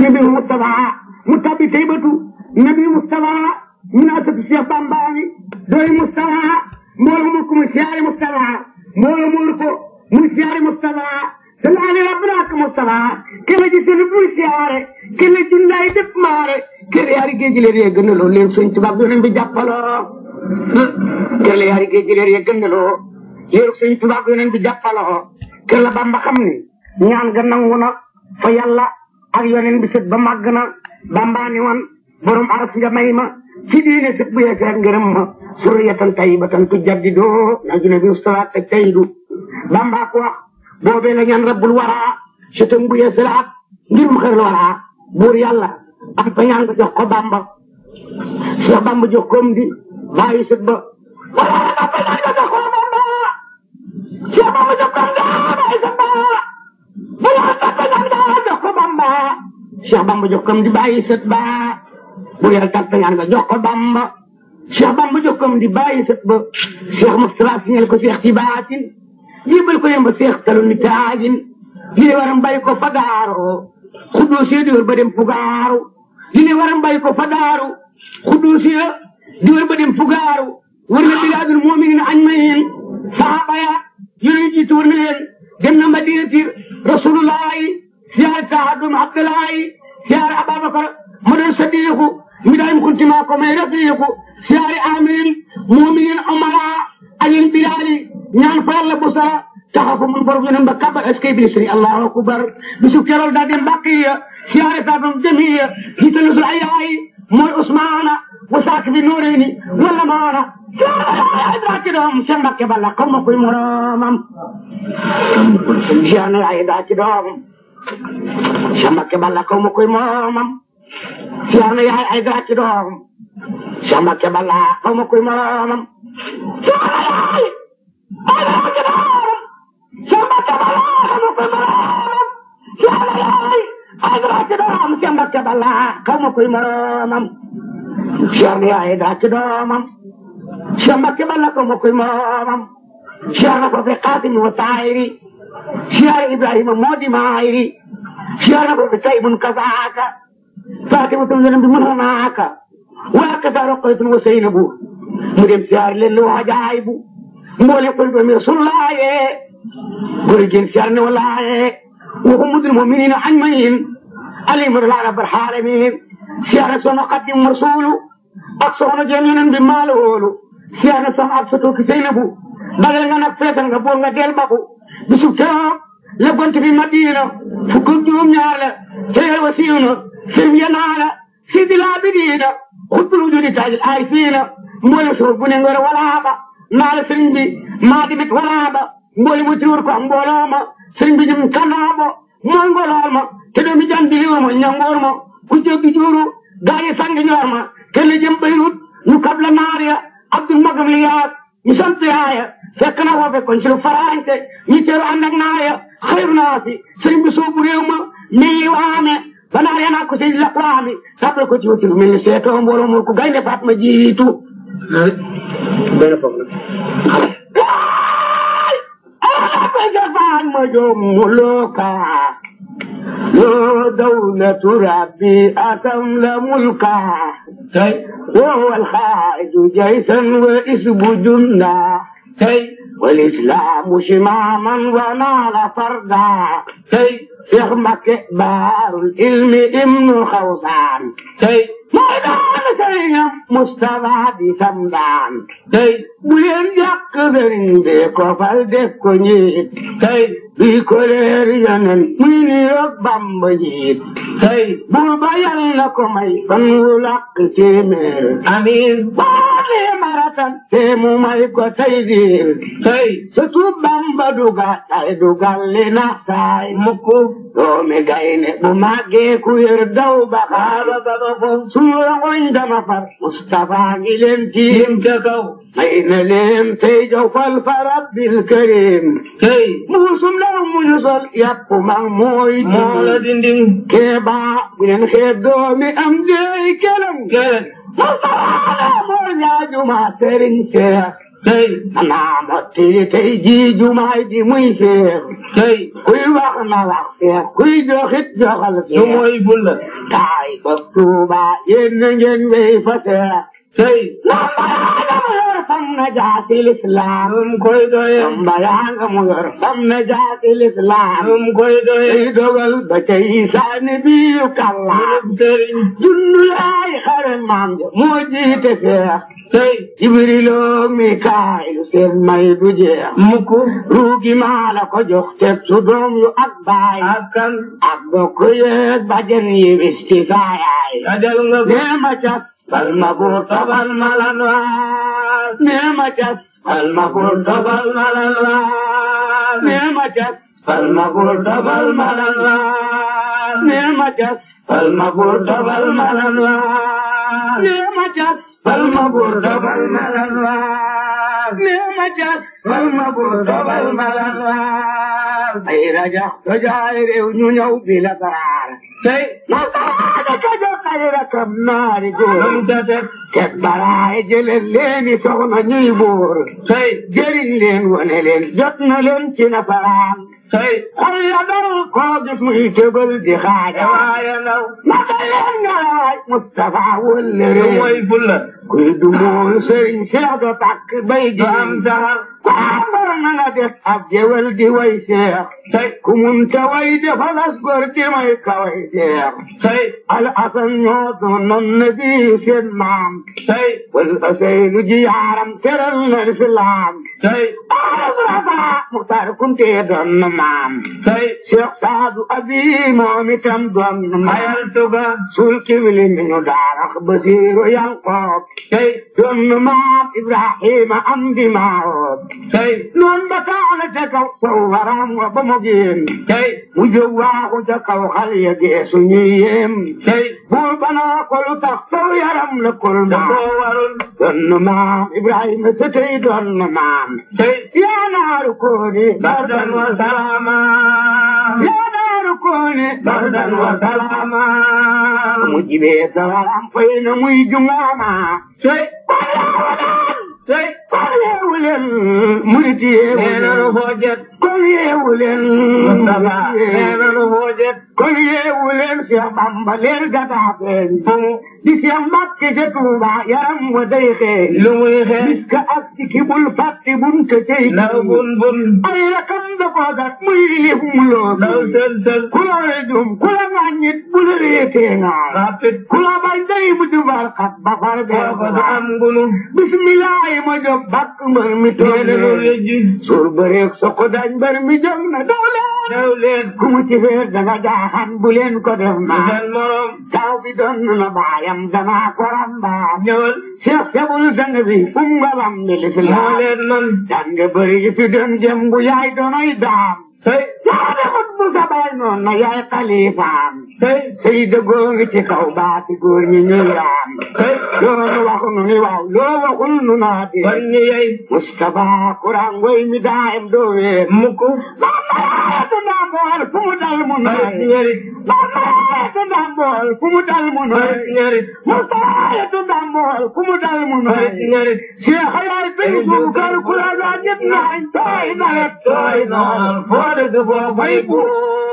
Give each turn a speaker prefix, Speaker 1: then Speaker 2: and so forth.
Speaker 1: nabi Mustafa mu tabbi taybatu nabi Mustafa ñu naa sëtu Cheikh Bambaani dooy Mustafa mbooloo mu ko mu siyaare Mustafa mbooloo mu ko mu siyaare Mustafa salaale rabbana ak Mustafa kele ji sunu buy siyaare kele jundaay def maare kele yaari géej leen yee gënaloo leen suñ tubaab yoneen bi jàppaloo bi jàppaloo kele Bamba xam ni ñaan ga nangu na ak yoneen bi sët ba màgg na bambaani woon borom aras nga may ma ci diine sët bu yeeseer ngërëm ma suriyatan tayyibatan tujaddidoo naa june bi ustalaat ak tayidu bamba ko wax boobee la ñaan rabbul waraa sëtam bu yeeselaat ngir mu xëral waraa buur yàlla am fa ñaan ko jox ko bamba Cheikh bamba jox koom di bàyyi ba Cheikh Bamba jokkam di bàyyi sët ba bu yàlla tàggat ñaan nga jox ko Bamba Cheikh Bamba jokkam di bàyyi ba Cheikh Moustapha signal ko Cheikh ci baatin jébal yemba Cheikh talu mi taajin li ne waram bàyyi fa daaru xuddoo di wër ba dem fugaaru wër na bilaadul mu'minin añ ma yéen ya yonent yi tuur na leen dem madinati rasulullahi siyaare taxadum abdullahi siyaare Ababakar mu doon sadiiku mi daan kuntimaa ko may rafiiku siyaare amirin muminin umara ayin bilaali ñaan fa yàlla bu sara taxa ko mun borom yonen ba kabbal askay bilisri allahu akbar bisu kerool daa dem bàqiya siyaare taabam jamiya jiitalusul ayaay mooy usmaana wasaak bi nuureyni wala maana daakidom seen mbakke balla xaw ma koy moroomam jan ay daakidom Cheikh Mbacke Balla kaw ma koy moomam siyaar na yaay ay dara ci doom Cheikh Mbacke Balla kaw ma koy moomam siyaar na yaay ay dara ci doom Cheikh Mbacke Balla kaw ma koy moomam siyaar na yaay ay dara ci doom Cheikh Mbacke Balla kaw ma koy moomam siyaar na yaay ay dara ci doomam Cheikh Mbacke Balla kaw ma koy moomam siyaar na ko fi xaatimi wa taayiri siyaare Ibrahima moo di maayri siyaare ko taybun kafaaka faatimatul yonent bi manaaka waa kasaa roqaytun wa saynabu mu dem siyaare leen lu wax ajaayibu mboole ko doomi rasululaaye góor jigéen siyaare ne walaaye wa ummatul muminina ajmain alimar laana bar xaalamin siyaare soxna Xaadim Rasuulu ak soxna jeen yonent bi maalo woolu siyaare soxna Absatu ki saynabu bagal nga nag feetal nga bool nga bisub tëram la gont bi madina fukk ak juróom ñaar la feel wasiina fim yanaala fi dilaa bi diina xutbul taajil aay fiina mboole soof bu ne ngor walaaba bi maa dimit walaaba mu tiwur ko mbooloo ma sëriñ bi ñum kanaabo mooy ngolool ma te doomi jandi liwur ma ñangoor ma ku sangi ñoor ma kenn jëm bayrut kabla naar abdul magam li yaag ñu fekk na foo fekkoon ci lu faraante ñi teeru ànd ak naar ya xayru naa si sëriñ bi soobu réew ma mi ngi waame ba naar ya naa ko si lak waami sàppal ko ci wëcc lu mel ni seetoo mbooloo mu ko gaynde faat ma jiitu benn foofu nag ما يملكا لو دولة ربي أتملى ملكا وهو الخائد جيشا وإسب جنة tey walislaamu shimaaman wa naala farda tey Cheikh Mbacké baarul ilmi ibnu xawsaan tey mooy daana sëriñam Mustafa di samdaan tey bu leen yàq sëriñ bi ko fal def ko ñiit tey bi koleer yanen muy ni yoog bamba jiit tey buur ba yal na ko may fan wu làkk téeméer amiin boolee maratan te mu may ko tey diir tey sëtu bamba duga tay dugal li na saay mukk doomi gayne bu màggee ku yër daw ba xaaba ba ba ko suñu rongoñ dama far Mustafa ngi leen tiim ca kaw عين الانتي جوف الفرد الكريم هي موسم لو مجسل يبقى مغموي مولد اندين كيبا بلن خيب دومي ام جاي كلم كلم مصطفى مولى جمعة ترنشيك naa ma tey tey jii jumaay ji muy seer. tey kuy wax na wax seer kuy joxit joxal seer. su mooy bulla. taay ba tuuba yéen ngeen wéy fa seer. tey. xam na jaatil islam koy doye mbalaa nga mu yor xam na jaatil islam koy doye dogal ba tey saani biir kàlla dundu ay xare maam ja moo jiite feex tey jibriloo mikaayilu seen may du jeex mukk ruugi maa la ko jox teg su doom yu ak baay ak kan ak bokk yeeg bajen yi wisti saayaay nee ma cat bal ma buur tabal ma la نعمتك فالمقول تظلمل الله نعمتك فالمقول تظلمل الله نعمتك فالمقول تظلمل الله نعمتك فالمقول تظلمل الله نعم جاس والمبور دوبل ملنوار أي رجع تجاري ونيو بلا قرار تي نصرعك كجو قريرك بنار جور كبرا إجل اللين سغنا نيبور تي جرين لين ونلين جتنا لين كنا فرام tey xol ya dal koo gis muy tëbal di xaaja waaye naw naka leen ngalaay Moustapha wëllëre mooy fulla kuy du moon sëriñ seex da tàkk bay ji am taxar na nga def ab gewel di way seex tey ku munta way defalas góor di may ka way seex tey al asan ñoo doonoon na bi seen maam tey wal aseynu ji yaaram teral na lislaam tey arab rafa muxtaar kunte doon maam tey seex saadu abi moom itam doon na mayal tuga kibli mi ñu daarax basiiru yanqoob tey doon na maam ibrahima am di maawob tey noonu ba taaxal ca kaw saw waram wa ba mu génn tey mu jóg waaxu ca kaw xal ya geesu ñu yéem tey buur banaa ko lu tax saw yaram la kol ba koo warul doon na maam Ibrahima sa tey doon na maam tey yaa naaru kooni bardan wa salaama yaa naaru kooni bardan wa salaama mu jibee sa waram fay na muy jungaama tey leen murit yeewu leen. nee na lu foo jët. kon yeewu leen. mustafa nee na lu foo jët. kon yeewu leen Cheikh leer gataa feeñ foo di Cheikh Mbàkke ca Tuuba yaram wa day xeeñ lu muy xeeñ bis ka ak ci ki bul fàtti bun te tey naw bun bun ay rakam da ko gat mu loobi naw sel sel ku la rejum ku la ku la bañ day bu di far xat ba far bee am gunu bismillaahi ma jóg bàkk mbër mi toog ji suur bëreeg soko dañ mbër mi jóg na daw xam ko def ma taw bi doon na baayam dama koram baam ñëwal seex sabul sang bi um nga bam bi lislaam dan nga bëri ji fi doon jëm bu yaay doonoy daam yaane mut bu sa baay noon na yaay xalifaam sey dëggoo ngi ci nu ni waaw loo waxul nu naa di kon ni yey Mustapha kurangoy mi daayam doo wéer mukk dal mu nooy maa maayatu dambool ku mu dal mu nooy mu saayatu dambool ku mu dal mu nooy Cheikh yaay béy bu kër ku la laajit naañ tooy na la tooy na foo dëgg boo fay buur